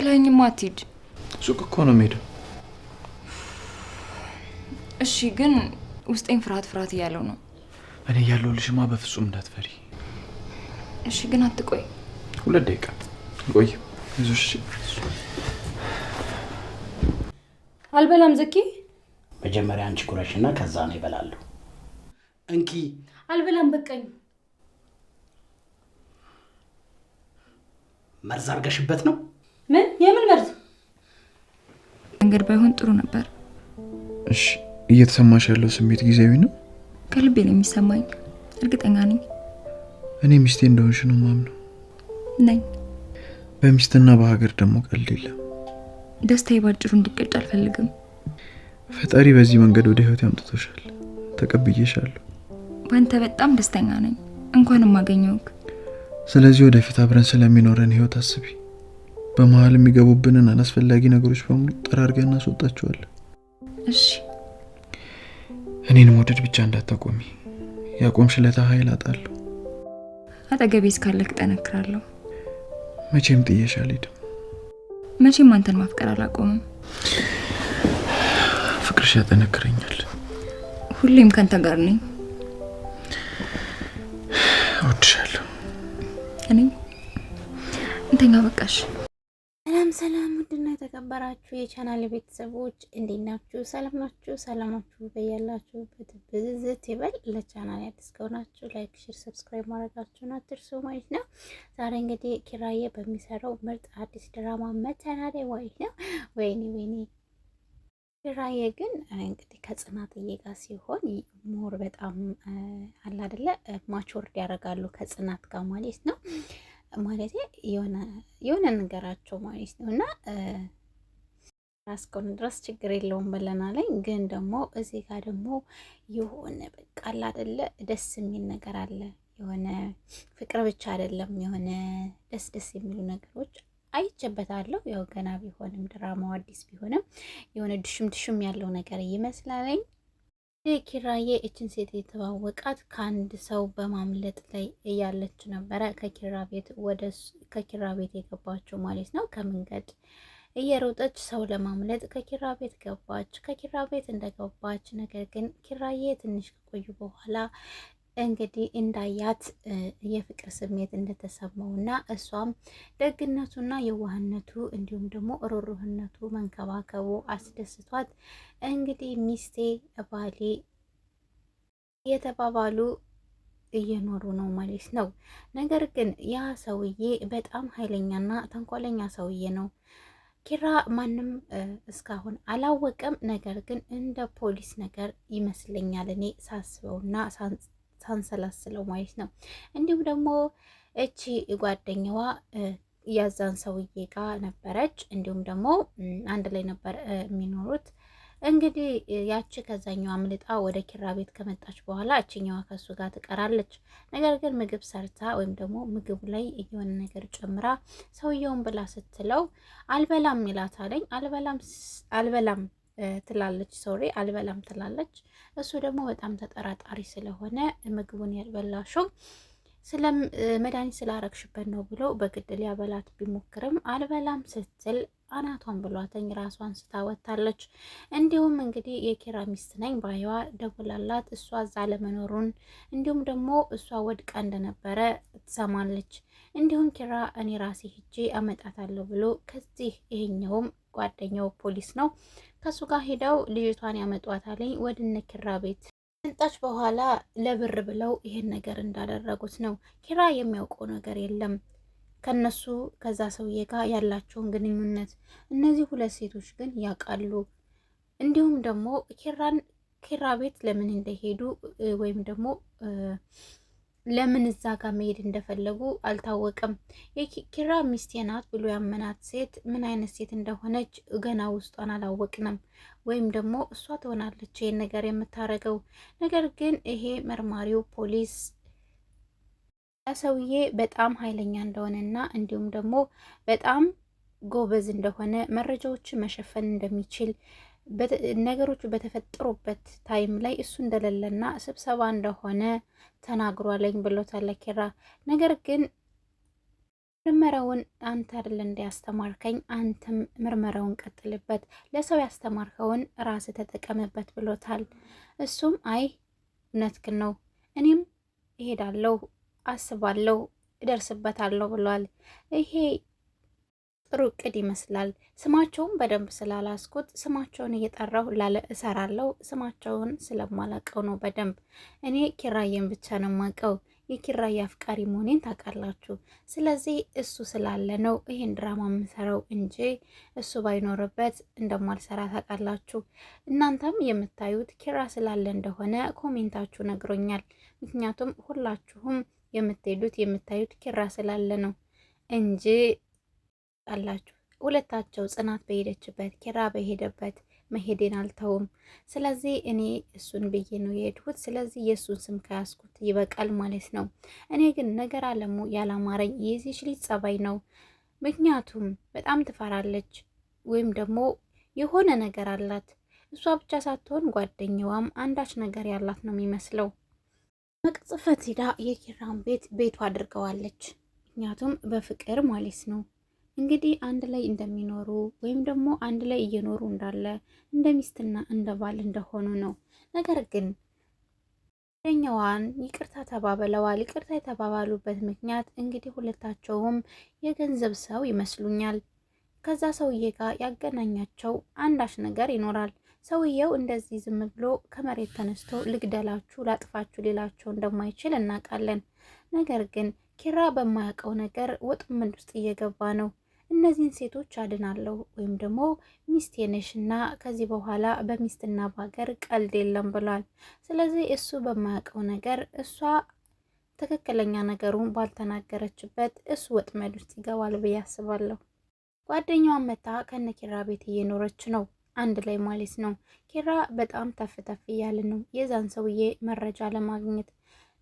ጥለኸኝማ አትሂድ። ሱቅ እኮ ነው የምሄደው። እሺ፣ ግን ውስጤን ፍርሃት ፍርሃት እያለው ነው። እኔ ልሽማ በፍጹም እንዳትፈሪ። እሺ፣ ግን አትቆይ። ሁለት ደቂቃ ቆይ። ይዞሽ አልበላም። ዘኪ፣ መጀመሪያ አንቺ ኩረሽ እና ከዛ ነው ይበላሉ። እንኪ አልበላም፣ በቃኝ። መርዝ አድርገሽበት ነው ምን የምን መርዝ መንገድ ባይሆን ጥሩ ነበር። እሺ እየተሰማሽ ያለው ስሜት ጊዜያዊ ነው? ከልቤ ነው የሚሰማኝ። እርግጠኛ ነኝ እኔ ሚስቴ እንደሆንሽ ነው ማምነው ነኝ። በሚስትና በሀገር ደግሞ ቀልድ የለም። ደስታዬ ባጭሩ እንዲቀጭ አልፈልግም። ፈጣሪ በዚህ መንገድ ወደ ህይወት ያምጥቶሻል። ተቀብዬሻለሁ። በአንተ በጣም ደስተኛ ነኝ። እንኳንም አገኘውክ ስለዚህ ወደፊት አብረን ስለሚኖረን ህይወት አስቢ። በመሀል የሚገቡብንን አላስፈላጊ ነገሮች በሙሉ ጠራርገ እናስወጣቸዋለን። እሺ እኔን መውደድ ብቻ እንዳታቆሚ። ያቆምሽለታ ኃይል አጣለሁ። አጠገቤ እስካለክ ጠነክራለሁ። መቼም ጥየሽ አልሄድም። መቼም አንተን ማፍቀር አላቆምም። ፍቅርሽ ያጠነክረኛል። ሁሌም ከአንተ ጋር ነኝ። እወድሻለሁ። እኔ እንተኛ በቃሽ። ሰላም ሰላም፣ ውድና የተከበራችሁ የቻናል ቤተሰቦች እንዴት ናችሁ? ሰላም ናችሁ? ሰላማችሁ በያላችሁበት ብዝዝት ይበል። ለቻናል አዲስ ከሆናችሁ ላይክ፣ ሼር፣ ሰብስክራይብ ማድረጋችሁን አትርሱ ማለት ነው። ዛሬ እንግዲህ ኪራዬ በሚሰራው ምርጥ አዲስ ድራማ መተናደ ማለት ነው። ወይኔ ወይኔ ኪራዬ ግን እንግዲህ ከጽናትዬ ጋር ሲሆን ሞር በጣም አላደለ ማቾርድ ያደርጋሉ ከጽናት ጋር ማለት ነው። ማለት የሆነ የሆነ ነገራቸው ማለት ነው እና እስከሆነ ድረስ ችግር የለውም ብለናለኝ። ግን ደግሞ እዚህ ጋር ደግሞ የሆነ በቃ አለ አይደለ ደስ የሚል ነገር አለ። የሆነ ፍቅር ብቻ አይደለም፣ የሆነ ደስ ደስ የሚሉ ነገሮች አይቼበታለሁ። ያው ገና ቢሆንም ድራማው አዲስ ቢሆንም የሆነ ድሽም ድሽም ያለው ነገር ይመስላለኝ። ኪራዬ እችን ሴት የተዋወቃት ከአንድ ሰው በማምለጥ ላይ እያለች ነበረ። ከኪራ ቤት ወደ ከኪራ ቤት የገባችው ማለት ነው። ከመንገድ እየሮጠች ሰው ለማምለጥ ከኪራ ቤት ገባች። ከኪራ ቤት እንደገባች ነገር ግን ኪራዬ ትንሽ ከቆዩ በኋላ እንግዲህ እንዳያት የፍቅር ስሜት እንደተሰማው እና እሷም ደግነቱና የዋህነቱ እንዲሁም ደግሞ ሮሮህነቱ መንከባከቡ አስደስቷት እንግዲህ ሚስቴ ባሌ የተባባሉ እየኖሩ ነው ማለት ነው። ነገር ግን ያ ሰውዬ በጣም ኃይለኛና ተንኮለኛ ሰውዬ ነው። ኪራ ማንም እስካሁን አላወቀም። ነገር ግን እንደ ፖሊስ ነገር ይመስለኛል እኔ ሳስበውና ሳንሰላስለው ማየት ነው። እንዲሁም ደግሞ እቺ ጓደኛዋ ያዛን ሰውዬ ጋ ነበረች። እንዲሁም ደግሞ አንድ ላይ ነበር የሚኖሩት። እንግዲህ ያቺ ከዛኛው አምልጣ ወደ ኪራ ቤት ከመጣች በኋላ እችኛዋ ከሱ ጋር ትቀራለች። ነገር ግን ምግብ ሰርታ ወይም ደግሞ ምግቡ ላይ የሆነ ነገር ጨምራ ሰውየውን ብላ ስትለው አልበላም ይላታለኝ። አልበላም አልበላም ትላለች፣ ሶሪ አልበላም ትላለች። እሱ ደግሞ በጣም ተጠራጣሪ ስለሆነ ምግቡን ያልበላሽው ስለ መድኃኒት ስላረግሽበት ነው ብሎ በግድ ሊያበላት ቢሞክርም አልበላም ስትል አናቷን ብሏተኝ ራሷን ስታወታለች። እንዲሁም እንግዲህ የኪራ ሚስት ነኝ ባይዋ ደውላላት እሷ እዛ ለመኖሩን እንዲሁም ደግሞ እሷ ወድቃ እንደነበረ ትሰማለች። እንዲሁም ኪራ እኔ ራሴ ሂጄ አመጣታለሁ ብሎ ከዚህ ይሄኛውም ጓደኛው ፖሊስ ነው ከሱ ጋር ሄደው ልጅቷን ያመጧታለኝ ወደ እነ ኪራ ቤት ከመጣች በኋላ ለብር ብለው ይሄን ነገር እንዳደረጉት ነው። ኪራ የሚያውቀው ነገር የለም ከነሱ ከዛ ሰውዬ ጋር ያላቸውን ግንኙነት እነዚህ ሁለት ሴቶች ግን ያውቃሉ። እንዲሁም ደግሞ ኪራን ኪራ ቤት ለምን እንደሄዱ ወይም ደግሞ ለምን እዛ ጋር መሄድ እንደፈለጉ አልታወቅም የኪራ ሚስቴ ናት ብሎ ያመናት ሴት ምን አይነት ሴት እንደሆነች ገና ውስጧን አላወቅንም፣ ወይም ደግሞ እሷ ትሆናለች ይህን ነገር የምታደርገው ነገር ግን ይሄ መርማሪው ፖሊስ ሰውዬ በጣም ኃይለኛ እንደሆነና እንዲሁም ደግሞ በጣም ጎበዝ እንደሆነ መረጃዎችን መሸፈን እንደሚችል ነገሮቹ በተፈጠሩበት ታይም ላይ እሱ እንደሌለና ስብሰባ እንደሆነ ተናግሯለኝ ብሎታል ኪራ። ነገር ግን ምርመራውን አንተ አይደል እንዲያስተማርከኝ አንተም ምርመራውን ቀጥልበት፣ ለሰው ያስተማርከውን ራስ ተጠቀምበት ብሎታል። እሱም አይ እውነት ነው እኔም እሄዳለሁ፣ አስባለሁ፣ እደርስበታለሁ ብሏል። ይሄ ጥሩ እቅድ ይመስላል። ስማቸውን በደንብ ስላላስኩት ስማቸውን እየጠራሁ ላለ እሰራለሁ። ስማቸውን ስለማላቀው ነው በደንብ እኔ ኪራዬን ብቻ ነው ማቀው። የኪራዬ አፍቃሪ መሆኔን ታውቃላችሁ። ስለዚህ እሱ ስላለ ነው ይህን ድራማ የምሰራው እንጂ እሱ ባይኖርበት እንደማልሰራ ታውቃላችሁ። እናንተም የምታዩት ኪራ ስላለ እንደሆነ ኮሜንታችሁ ነግሮኛል። ምክንያቱም ሁላችሁም የምትሄዱት የምታዩት ኪራ ስላለ ነው እንጂ ትመጣላችሁ። ሁለታቸው ጽናት በሄደችበት ኪራ በሄደበት መሄዴን አልተውም። ስለዚህ እኔ እሱን ብዬ ነው የሄድኩት። ስለዚህ የእሱን ስም ከያዝኩት ይበቃል ማለት ነው። እኔ ግን ነገር አለሙ ያላማረኝ የዚች ልጅ ጸባይ ነው። ምክንያቱም በጣም ትፈራለች፣ ወይም ደግሞ የሆነ ነገር አላት። እሷ ብቻ ሳትሆን ጓደኛዋም አንዳች ነገር ያላት ነው የሚመስለው። መቅጽፈት ሄዳ የኪራን ቤት ቤቱ አድርገዋለች። ምክንያቱም በፍቅር ማለት ነው እንግዲህ አንድ ላይ እንደሚኖሩ ወይም ደግሞ አንድ ላይ እየኖሩ እንዳለ እንደ ሚስትና እንደ ባል እንደሆኑ ነው። ነገር ግን ኛዋን ይቅርታ ተባበለዋል። ይቅርታ የተባባሉበት ምክንያት እንግዲህ ሁለታቸውም የገንዘብ ሰው ይመስሉኛል። ከዛ ሰውዬ ጋር ያገናኛቸው አንዳች ነገር ይኖራል። ሰውየው እንደዚህ ዝም ብሎ ከመሬት ተነስቶ ልግደላችሁ፣ ላጥፋችሁ ሌላቸው እንደማይችል እናውቃለን። ነገር ግን ኪራ በማያውቀው ነገር ወጥመድ ውስጥ እየገባ ነው። እነዚህን ሴቶች አድናለሁ ወይም ደግሞ ሚስቴ ነሽ እና ከዚህ በኋላ በሚስትና በሀገር ቀልድ የለም ብሏል። ስለዚህ እሱ በማያውቀው ነገር እሷ ትክክለኛ ነገሩን ባልተናገረችበት እሱ ወጥመድ ውስጥ ይገባል ብዬ አስባለሁ። ጓደኛዋ መታ ከነኪራ ቤት እየኖረች ነው አንድ ላይ ማለት ነው። ኪራ በጣም ተፍ ተፍ እያለ ነው የዛን ሰውዬ መረጃ ለማግኘት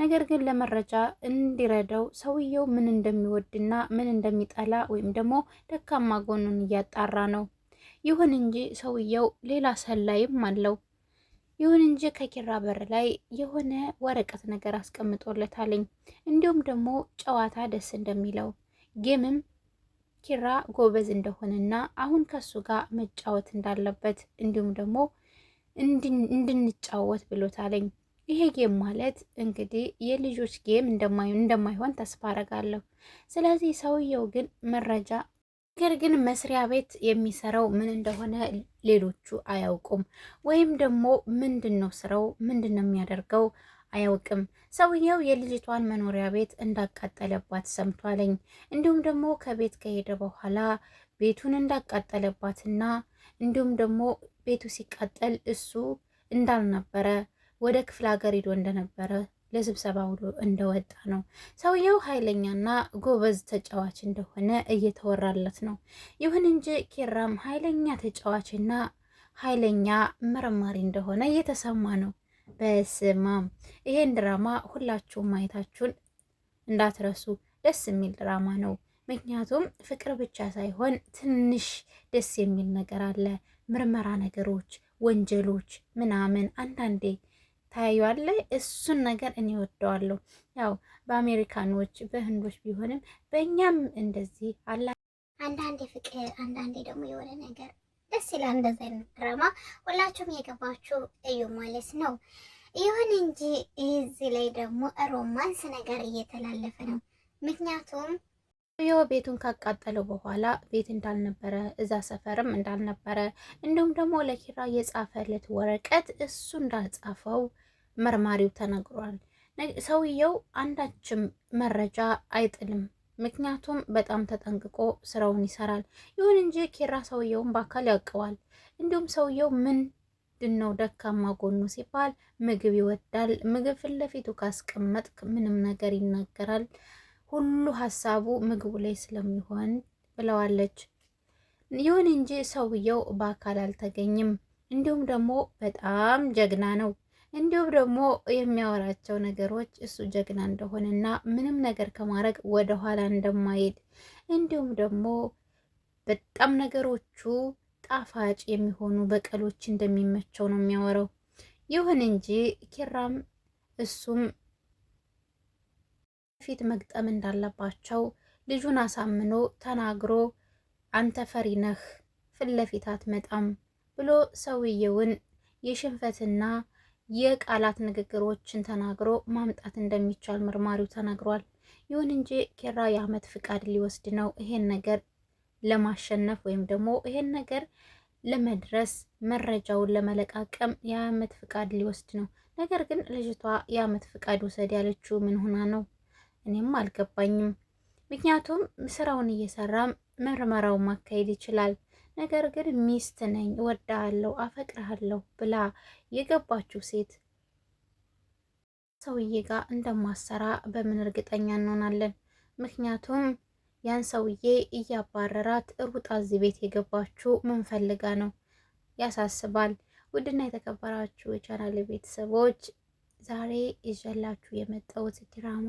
ነገር ግን ለመረጃ እንዲረዳው ሰውየው ምን እንደሚወድና ምን እንደሚጠላ ወይም ደግሞ ደካማ ጎኑን እያጣራ ነው። ይሁን እንጂ ሰውየው ሌላ ሰላይም አለው። ይሁን እንጂ ከኪራ በር ላይ የሆነ ወረቀት ነገር አስቀምጦለታለኝ። እንዲሁም ደግሞ ጨዋታ ደስ እንደሚለው ጌምም ኪራ ጎበዝ እንደሆነና አሁን ከሱ ጋር መጫወት እንዳለበት እንዲሁም ደግሞ እንድንጫወት ብሎታለኝ። ይሄ ጌም ማለት እንግዲህ የልጆች ጌም እንደማይሆን ተስፋ አረጋለሁ። ስለዚህ ሰውየው ግን መረጃ ነገር ግን መስሪያ ቤት የሚሰራው ምን እንደሆነ ሌሎቹ አያውቁም፣ ወይም ደግሞ ምንድን ነው ስራው፣ ምንድን ነው የሚያደርገው አያውቅም። ሰውየው የልጅቷን መኖሪያ ቤት እንዳቃጠለባት ሰምቷለኝ። እንዲሁም ደግሞ ከቤት ከሄደ በኋላ ቤቱን እንዳቃጠለባትና እንዲሁም ደግሞ ቤቱ ሲቃጠል እሱ እንዳልነበረ ወደ ክፍለ ሀገር ሄዶ እንደነበረ ለስብሰባ ውሎ እንደወጣ ነው። ሰውየው ኃይለኛና ጎበዝ ተጫዋች እንደሆነ እየተወራለት ነው። ይሁን እንጂ ኪራም ኃይለኛ ተጫዋችና ኃይለኛ መርማሪ እንደሆነ እየተሰማ ነው። በስማም ይሄን ድራማ ሁላችሁም ማየታችሁን እንዳትረሱ። ደስ የሚል ድራማ ነው። ምክንያቱም ፍቅር ብቻ ሳይሆን ትንሽ ደስ የሚል ነገር አለ። ምርመራ ነገሮች፣ ወንጀሎች ምናምን አንዳንዴ ታያዩአለህ። እሱን ነገር እኔ ወደዋለሁ። ያው በአሜሪካኖች በህንዶች ቢሆንም በእኛም እንደዚህ አላ አንዳንዴ ፍቅር፣ አንዳንዴ ደግሞ የሆነ ነገር ደስ ይላል። እንደዚህ አይነት ድራማ ሁላችሁም የገባችሁ እዩ ማለት ነው። ይሁን እንጂ እዚህ ላይ ደግሞ ሮማንስ ነገር እየተላለፈ ነው ምክንያቱም ያው ቤቱን ካቃጠለው በኋላ ቤት እንዳልነበረ እዛ ሰፈርም እንዳልነበረ እንዲሁም ደግሞ ለኪራ የጻፈለት ወረቀት እሱ እንዳልጻፈው መርማሪው ተነግሯል። ሰውየው አንዳችም መረጃ አይጥልም፣ ምክንያቱም በጣም ተጠንቅቆ ስራውን ይሰራል። ይሁን እንጂ ኪራ ሰውየውን በአካል ያውቀዋል። እንዲሁም ሰውየው ምንድን ነው ደካማ ጎኑ ሲባል ምግብ ይወዳል። ምግብ ፊት ለፊቱ ካስቀመጥክ ምንም ነገር ይናገራል። ሁሉ ሀሳቡ ምግቡ ላይ ስለሚሆን ብለዋለች። ይሁን እንጂ ሰውየው በአካል አልተገኝም። እንዲሁም ደግሞ በጣም ጀግና ነው። እንዲሁም ደግሞ የሚያወራቸው ነገሮች እሱ ጀግና እንደሆነና ምንም ነገር ከማድረግ ወደኋላ እንደማይሄድ እንዲሁም ደግሞ በጣም ነገሮቹ ጣፋጭ የሚሆኑ በቀሎች እንደሚመቸው ነው የሚያወራው። ይሁን እንጂ ኪራም እሱም ፊት መግጠም እንዳለባቸው ልጁን አሳምኖ ተናግሮ አንተ ፈሪ ነህ፣ ፊት ለፊት አትመጣም ብሎ ሰውየውን የሽንፈትና የቃላት ንግግሮችን ተናግሮ ማምጣት እንደሚቻል መርማሪው ተናግሯል። ይሁን እንጂ ኬራ የአመት ፍቃድ ሊወስድ ነው። ይሄን ነገር ለማሸነፍ ወይም ደግሞ ይሄን ነገር ለመድረስ መረጃውን ለመለቃቀም የአመት ፍቃድ ሊወስድ ነው። ነገር ግን ልጅቷ የአመት ፍቃድ ውሰድ ያለችው ምን ሆና ነው? እኔም አልገባኝም። ምክንያቱም ስራውን እየሰራ ምርመራው ማካሄድ ይችላል። ነገር ግን ሚስት ነኝ እወድሃለሁ፣ አፈቅርሃለሁ ብላ የገባችው ሴት ሰውዬ ጋር እንደማሰራ በምን እርግጠኛ እንሆናለን? ምክንያቱም ያን ሰውዬ እያባረራት ሩጣ እዚህ ቤት የገባችው ምን ፈልጋ ነው? ያሳስባል። ውድና የተከበራችሁ የቻናል ቤተሰቦች ዛሬ ይዤላችሁ የመጣሁት ድራማ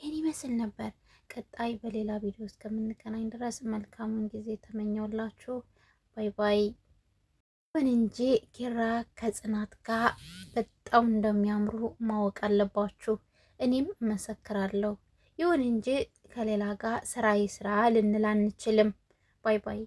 ይህን ይመስል ነበር። ቀጣይ በሌላ ቪዲዮ እስከምንገናኝ ድረስ መልካሙን ጊዜ ተመኘውላችሁ። ባይ ባይ። ምን እንጂ ኪራ ከጽናት ጋር በጣም እንደሚያምሩ ማወቅ አለባችሁ። እኔም እመሰክራለሁ። ይሁን እንጂ ከሌላ ጋር ስራ ይስራ ልንል አንችልም። ባይ ባይ።